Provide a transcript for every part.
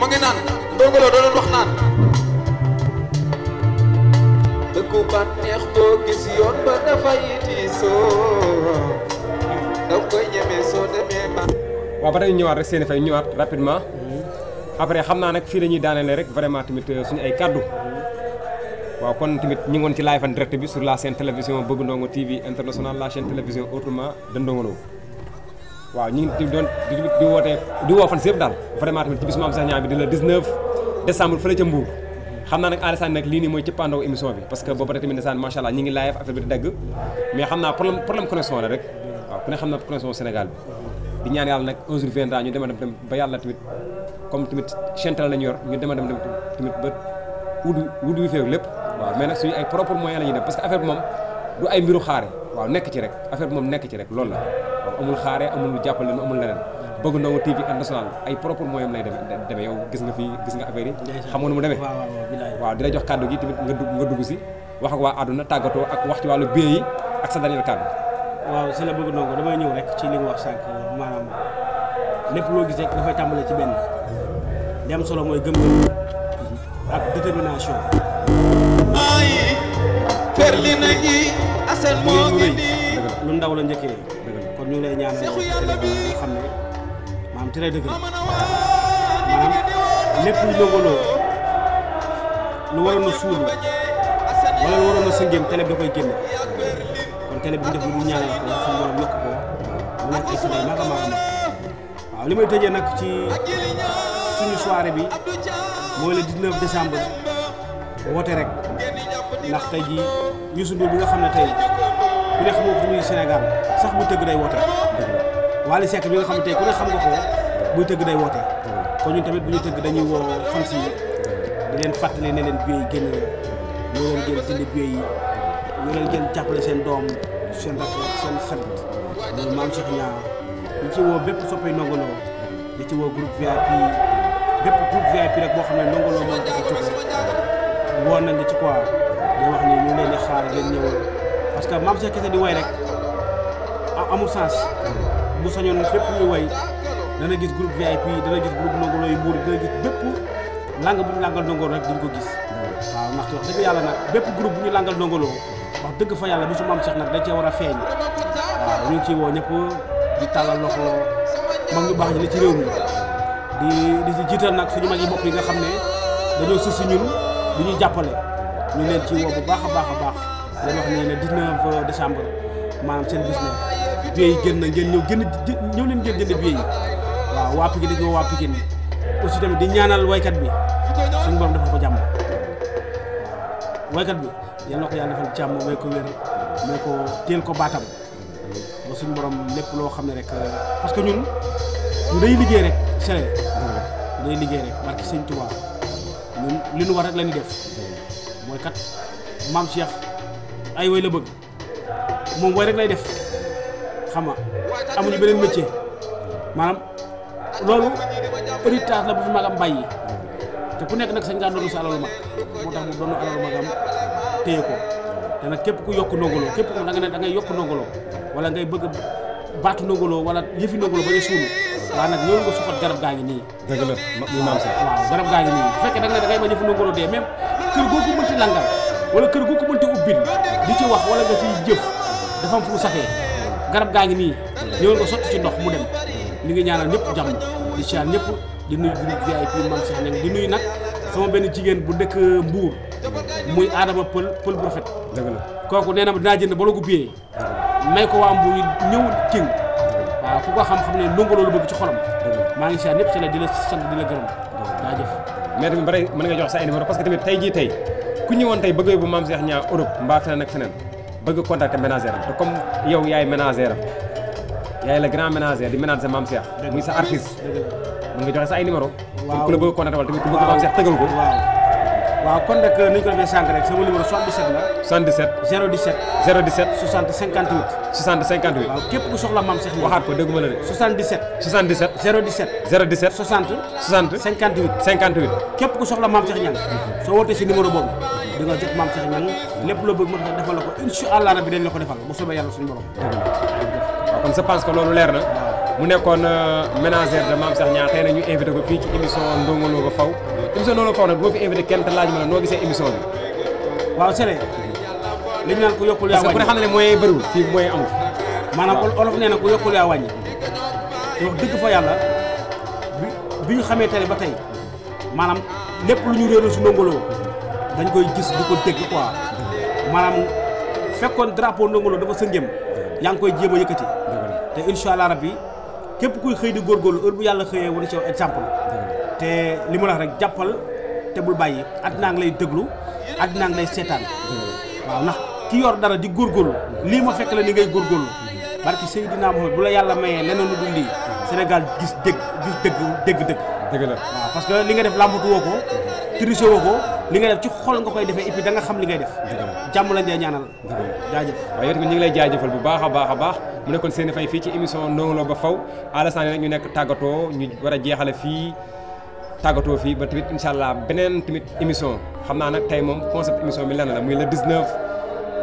ma ngi naan Ndongo Lo da doon wax naan dëkku bànneex boo gis yoon ba dafay tiisoo da koy ñemee soo demee ba waaw ba tey ñëwaat rek seeni fay ñëwaat rapidement mm-hmm. après xam naa nag fii la ñuy daanelee rek vraiment tamit euh, suñu ay kaddu mm-hmm. waaw kon tamit ñu ngi ci live en direct bi sur la chaîne télévision Bëgg Ndongo TV international la chaîne télévision autrement de Ndongo waaw ñu ngi doon di wootee di woo fan si yëpp daal vraiment tamit ci bis maam Cheikh Niang bi di la 19 décembre fële ca Mbour xam naa nag Alassane nag lii nii mooy cëppaandaw émission bi parce que boobu rek tamit ndeysaan macha allah ñu ngi live affaire bi di dagg mais xam naa problème problème connexion la rek waaw ku ne xam na connexion Sénégal bi di ñaan yàlla nag un jour viendra ñu dema dem tamit comme tamit chental la ñu yor feew lépp waaw mais nag suñu ay propre moyens que affaire bi moom du ay mbiru xaare waaw nekk nekk ci rek loolu la amul xaare amul jàppale nu amul leneen bëgg ndongo TV international ay propre moyen lay demee yow gis nga fii gis nga affaire yi xamoon mu demee waaw di la jox kàddu gi tamit nga dugg nga dugg si wax ak waa àdduna tàggatoo ak wax ci wàllu biir yi ak waaw si la bëgg ndongo damay ñëw rek ci li nga wax sànq maanaam lépp loo gis rek ci benn li solo mooy gëm ak détermination na lu ndaw la njëkkee kon ñu ngi lay ñaanal nga xam ne maanaam très dëgg la maanaam lépp lu lëkkaloo lu waroon a suulu wala lu bi da génne kon télé bi ñu def lu ñu ñaanal ko suñu borom yokk ko mu nekk ay suñu naka maa waaw li may tëjee nag ci suñu soirée bi mooy le 19 décembre woote rek ndax tey jii Youssou Ndour bi nga xam ne tey. ku ne xamoo ko muy Sénégal sax bu tëgg day woote. Wally Seck bi nga xam ne tey ku ne xam na ko buy tëgg day woote. kon ñu tamit bu ñu tëgg dañuy woo fans yi di leen fàttali ne leen billets yi génn ñoo leen jël dindi billets yi ñoo leen jël jàppale seen doom seen rakk seen xarit loolu maam Cheikh Niang ñu ci woo bépp soppay Ndongo Lo ci woo groupe VIP bépp groupe VIP rek boo xam ne Ndongo Lo moo tax a jóg woon nañ la ci quoi di wax ni ñu parce que maam Cheikh kese di way rek amul sens bu sañoon fépp ñuy way dana gis groupe VIP dana gis groupe ndongolo yu muur dana gis bépp làng bu ñu làngal ndongolo rek duñ ko gis waaw ndaxte wax yàlla nag bépp groupe bu ñu làngal ndongolo wax dëgg fa yàlla bi su maam Cheikh nag dañ cee war a feeñ waaw ñu ngi ciy woo ñëpp di tàllal loxo mag ñu baax ñi ci réew mi di di jiital nag suñu mag yi bopp yi nga xam ne dañoo sës si ñun di ñu jàppale ñu leen ci dañ wax ne le 19 euh, décembre maanaam seen bis la billet yi gën na ngeen ñëw gën a ñëw leen ngeen jënd billet yi waaw waa Pikine dañoo waa Pikine aussi tamit di ñaanal waykat bi suñu borom defal ko jàmm waykat bi yal na ko yàlla defal jàmm may ko wér may ko teel ko baatam ba suñu borom lépp loo xam rek euh, parce que ñun ñu day liggéey rek sele day liggéey rek barki sëñ Touba ñun li nu war rek la def mooy kat maam Cheikh ay way la bëgg moom way rek lay def xam nga amuñu beneen métier maanaam loolu héritage la bu fi magam bàyyi te ku nekk nag sañ ngaa doon sa alalu mag moo tax mu doon alalu magam téye ko te képp ku yokk Ndongo Lo képp ku da nga ne da ngay yokk Ndongo Lo wala ngay bëgg baatu Ndongo Lo wala yëfi Ndongo Lo ba ñu suulu waaw nag ñëw nga suxat garab gaa ngi nii. dëgg la garab gaa ngi nii bu fekkee da nga ne da ngay bañ yëfi Ndongo dee même kër googu mënti langal. wala kër gu ko mënti ubbil di ci wax wala nga ciy jëf dafa am fu mu safee garab gaa ngi nii ñëwal nga sotti ci ndox mu dem li ngi ñaanal ñëpp jàmm di siyaar di nuyu nag di nuyu nag sama benn jigéen bu dëkk Mbour muy Adama Pël Pël bu rafet dëgg la kooku nee na dinaa jënd bala ko biyee may ko waa Mbour ñëw king waaw ku ko xam-xam ne ndongo loolu bëgg ci xolam maa ngi siyaar ñëpp ci la di la sant di gërëm daa jëf mais tamit bari mën nga jox sa ay numéro parce que tamit tey tey ku ñëwoon tay bëgg bu maam Cheikh ñaar Europe mba feneen ak fenen bëgg contacter ménager am comme yow yaay ménager am yaay le grand ménager di ménager maam Cheikh muy sa artiste mu ngi joxe sa ay numéro ku la bëgg contacter wal tamit ku bëgg maam Cheikh tegal ko waaw kon nak euh, ni ñu ko defee sank rek sama numéro 77 la 77 017 017 60 58 60 58 waaw képp ku soxla mam Cheikh waxat ko ma la rek 77 77 017 017 60 60 58 58 képp ku soxla mam Cheikh ñang so wote ci numéro bobu di nga jot maam Cheikh Niang lépp loo bëgg a defal la ko incha allah rabbi dañ la ko defal bu soobee yàlla suñu borom. waaw kon que loolu leer na. mu nekkoon euh, ménagère de maam Cheikh Niang tey ñu invité ko fii ci émission Ndongo Lo Ba Faw. émission Ndongo Lo Ba Faw nag fi invité kenn te laaj ma noo gisee émission waaw Sélé. li ñu naan ku yokkul yaa wàññi parce que ku ne bëriwul fii moyens amul. maanaam olof nee na ku yokkul yaa wàññi. te wax dëgg fa yàlla bi bi ñu xamee télé ba tey maanaam lépp lu ñu réeroon si Ndongo dañ koy gis di ko dégg quoi maanaam fekkoon drapeau Ndongo Lo dafa sëngem yaa ngi koy jéem a yëkkati te incha allah bi képp kuy xëy di góorgóorlu heure bu yàlla xëyee wane ci exemple te li mu wax rek jàppal te bul bàyyi àddinaa ngi lay déglu àddinaa ngi lay seetaan waaw ndax ki yor dara di góorgóorlu lii ma fekk la ni ngay góor góorgóorlu barki Seydina Muhammad bu la yàlla mayee leneen lu dul lii Sénégal gis dégg gis dëgg dégg dëgg. dëgg la parce que li nga def làmbatu woo ko. triché ko li nga def ci xol nga koy defee et puis da nga xam li ngay def. jàmm lañ dee ñaanal. dëgg la jaajëf. waaye yéen ñu ngi lay jaajëfal bu baax a baax a baax mu nekkoon Sene Faye fii ci émission Ndongo ba faw Alassane nag ñu nekk tàggatoo ñu war a jeexale fii tàggatoo fii ba tamit incha allah beneen tamit émission xam naa nag tey moom concept émission bi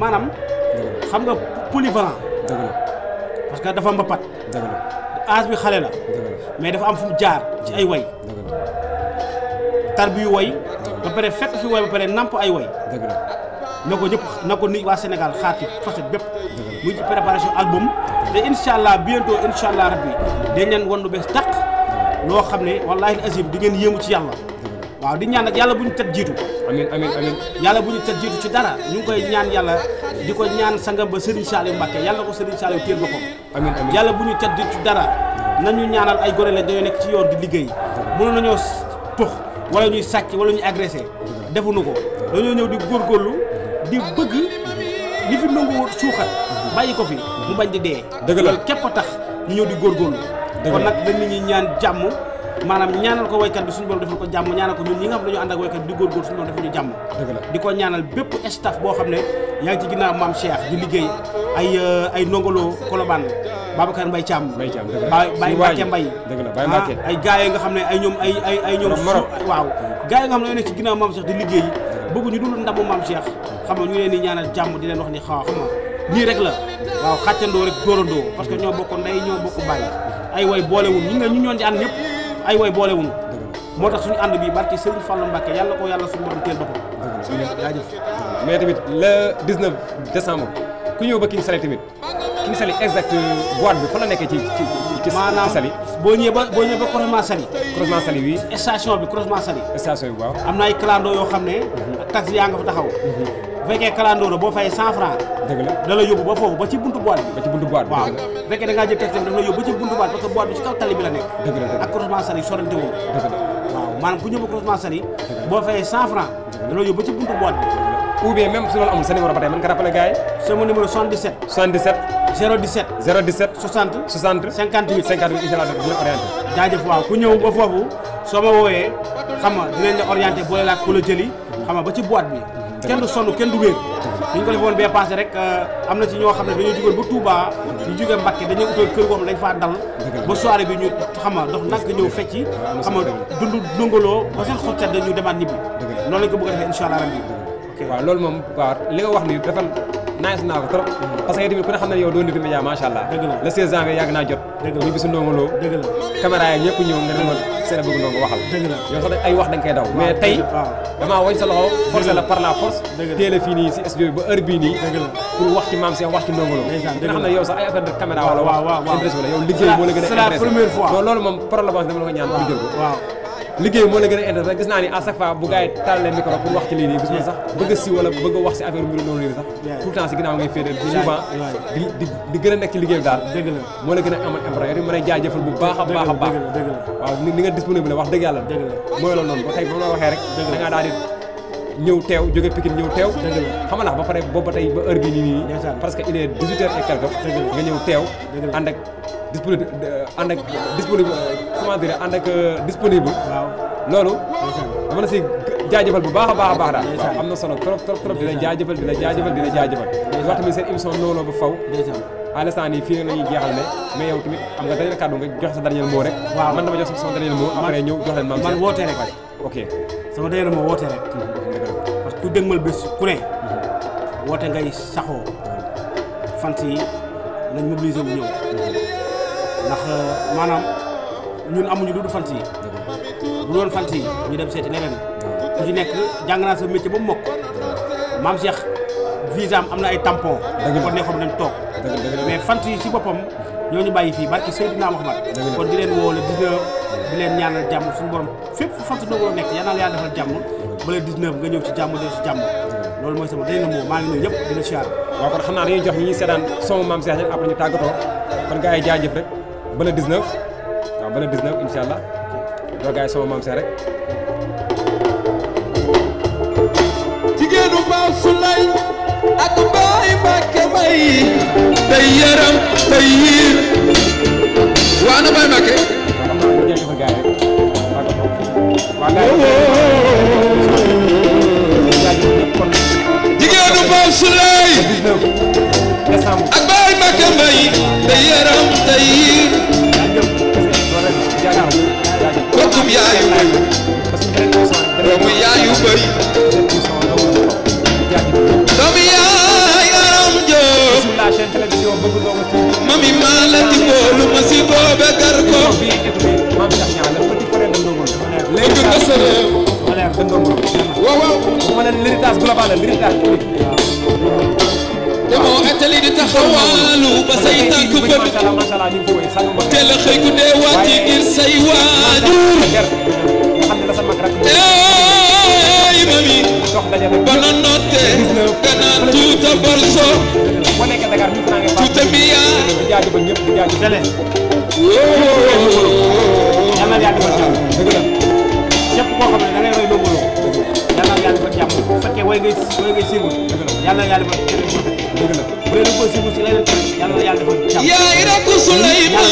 maanaam xam nga polyvalent dëgg parce que dafa mbapat dëgg la âge bi xale la mais dafa am fu mu jaar ci ay way tarbiyu woy ba pare fekk fi way ba pare namp ay way dëgg la na ko ñëpp na ko nit waa Sénégal xaar ci bépp muy ci préparation album te incha allah bientôt incha allah rabbi dañ leen wan lu bees tàq loo xam ne wallaahi azim di ngeen yéemu ci yàlla waaw di ñaan nag yàlla bu ñu tet jiitu amiin bu ñu ci dara ñu ngi koy ñaan yàlla di ko ñaan sangam ba Serigne Saliou Mbacké yàlla ko Serigne Saliou téel boppam ko amiin yàlla bu ñu tet jiitu ci dara na ñu ñaanal ay gore la dañoo nekk ci yoon di liggéey mënoon nañoo tux wala ñuy sàcc wala ñuy agressé defuñu ko dañoo ñëw di góor góorlu di bëgg li fi nangu suuxat bàyyi ko fi mu bañ di dee dëgg la képp a tax ñu ñëw di góorgóorlu kon nag dañ nit ñi ñaan jàmm maanaam ñaanal ko waykat bi suñu borom defal ko jàmm ñaanal ko ñun ñi nga xam dañu ànd ak waykat bi di góorgóor suñu borom defal ñu jàmm di ko ñaanal bépp staff boo xam ne yaa ngi ci ginnaaw maam Cheikh di liggéey ay euh, ay nongolo ah, nga xam ne ay ñoom ay ay ay ñoom waaw gars yi nga xam ne ñoo nekk ci di liggéey bëgg ñu dul ndamu maam Cheikh xam nga ñu leen di ñaanal jàmm di leen wax ni xaw xam nga nii rek la waaw xàccandoo rek dóorandoo parce que ñoo bokk ndey ñoo bokk bàyyi ay way boolewul ñi nga ñu ñoon di ànd ñëpp ay woy boole wuñu moo tax suñu ànd bi barki Serigne Fallou Mbacke yàlla ko yàlla suñu borom teel boppam jaajëf mais tamit le 19 décembre ku ñëw ba King Sali tamit King Sali exact boîte bi fa la nekkee ci ci ci maanaam Sali boo ñëwee ba boo ñëwee ba croisement Sali croisement Sali oui station bi croisement Sali station bi waaw am na ay clando yoo xam ne mhm. taxi yaa nga fa taxaw bu mhm. fekkee clando la boo fay 100 francs dëgg la da la yóbbu ba foofu ba ci buntu boîte bi ba ci buntu boîte bi waaw fekkee da ngaa jël taxi bi da la yóbbu ba ci buntu boîte parce que boîte bi ci kaw tali bi la nekk dëgg la ak croisement sari sorante woo dëgg la waaw maanaam ku ñëw ba croisement sari boo fayee 100 francs da la yóbbu ba ci sama numéro 77 60 60 58 58 incha allah dina jadi jaajëf waaw ku ñëw ba foofu soo ma wooyee xam nga dinañ la orienté boole laa ku la jëli xam ba ci boîte bi kenn du sonn kenn du wéer li ñu ko defoon bee passé rek euh, am na ci ñoo xam ne dañoo jógoon ba Touba ñu jógee Mbacke dañoo utoon kër goo xam ne dañ faa dal ba soirée bi ñu xama dox nak ñëw fecci xama dund ndongoloo ba seen xoccat dañu demaat ñibbi noonu lañ ko bëgg defee incha allah rabbi waaw loolu moom waaw li nga wax ni dafa nice naa ko trop mm. parce que tamit ku ne xam ne yow doo nitu média macha allah le 16 janvier yàgg naa jot ñu bisu Ndongo Lo caméra yi ñëpp ñëw nga ne ma seen bëgg waxal yow sax ay wax da nga koy daw mais tey damaa wañ sa loxo forcé la par la force teel a si studio ba heure bii nii maam si wax ci Ndongo Lo dina xam ne yow sax ay affaire de caméra wala wax intéressé la yow liggéey moo la gën a intéressé loolu moom problème dama la liggéey moo la gën a intéressé gis naa ni à chaque fois a si wala bëgg wax si affaire mbiru noonu lii sax tout temps si ginnaaw ngay féetal bi di gën a nekk liggéey bi daal moo la gën a amal impact yow mën a jaajëfal bu baax a baax a baax waaw ni nga disponible wax dëgg yàlla mooy loolu noonu ba tey ba ma waxee rek da daal ñëw teew jóge Pikine ñëw teew xam ba pare boobu ba tey ba heure nii nii parce que il est 18 heures et quelque disponible euh, ànd ak disponible euh, comment dire ànd ak euh, disponible. waaw loolu. dama la si jaajëfal bu baax baax a baax daal. am na solo trop trop trop dina jaajëfal dina jaajëfal dina jaajëfal. dina wax tamit seen émission nooloo ba faw. à l'instant nii fii la ñuy jeexal ne mais yow tamit am nga dernier kàddu nga joxe sa dernier mot rek. waaw man dama jox sama dernier mot. après ñëw jox leen maam man woote rek. ok sama dernier mot woote rek. Mhm, parce que ku dégmal bés ku ne. Mhm. woote ngay saxoo. Mhm. fant yi nañ mobiliser wu ñëw. ndax euh, maanaam ñun amuñu lu du fant yi bu doon fant yi ñu dem seeti leneen ku ci nekk jàng naa sa métier ba mu mokk maam Cheikh visa am am na ay tampon kon ne xam dem toog mais fant yi ci boppam ñoo ñu bàyyi fii barki Seydina Muhammad kon di leen woo le 19 di leen ñaanal jàmm suñu borom fépp fu fant doogo nekk yanal yaa defal jàmm ba le 19 nga ñëw ci jàmm ci jàmm loolu mooy sama day na moo maa ngi nuyu ñëpp dina siyaar waaw kon xam naa dañuy jox ñi ñuy seetaan son maam Cheikh ñëpp après ñu tàggatoo kon gars yi jaajëf rek ba le baaw su lay ak may day yaram day yiir waa na baay Mbàkke. baaw su doomu yaay yu bëri doomu yaay aram jóob mami maa la ti boolu ma si boobe gar ko léegi nga sëlee waaw waaw l'héritage global l'héritage demoo atali di taxawaalu ba say tànk bët teel a xëy ku dee wàcc ngir say waajur eey mami ba na notte danaan tuuta borso tuuta biyaa woo bu fekkee way ngay way ngay siiwul dëgg la yàlla na yàlla defal dëgg la bu dee lu koy siiwul si leneen yàlla na yàlla defal jàmm yaa iraq Suleyman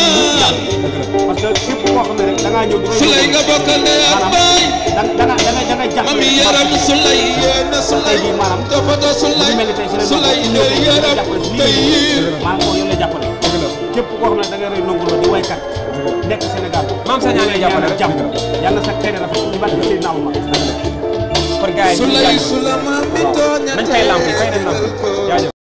parce que képp koo xam ne rek da ngaa ñëw Suley nga bokkal ne ak baay da nga da nga da nga jàpp ami yaram Suley yéena Suley maanaam dafato Suley Suley yaram tey maanaam moo yéen a jàppale dëgg la képp koo xam ne da nga rëy nangu la di waykat nekk Sénégal maam sa ñaa ngay jàppale jàmm yàlla sa xëy na rafet ñu bàyyi ko Seydina Omar pour gars yi. su lay su la ma mi tooñatee nañ fay lamp yi fay leen lamp jaajëf.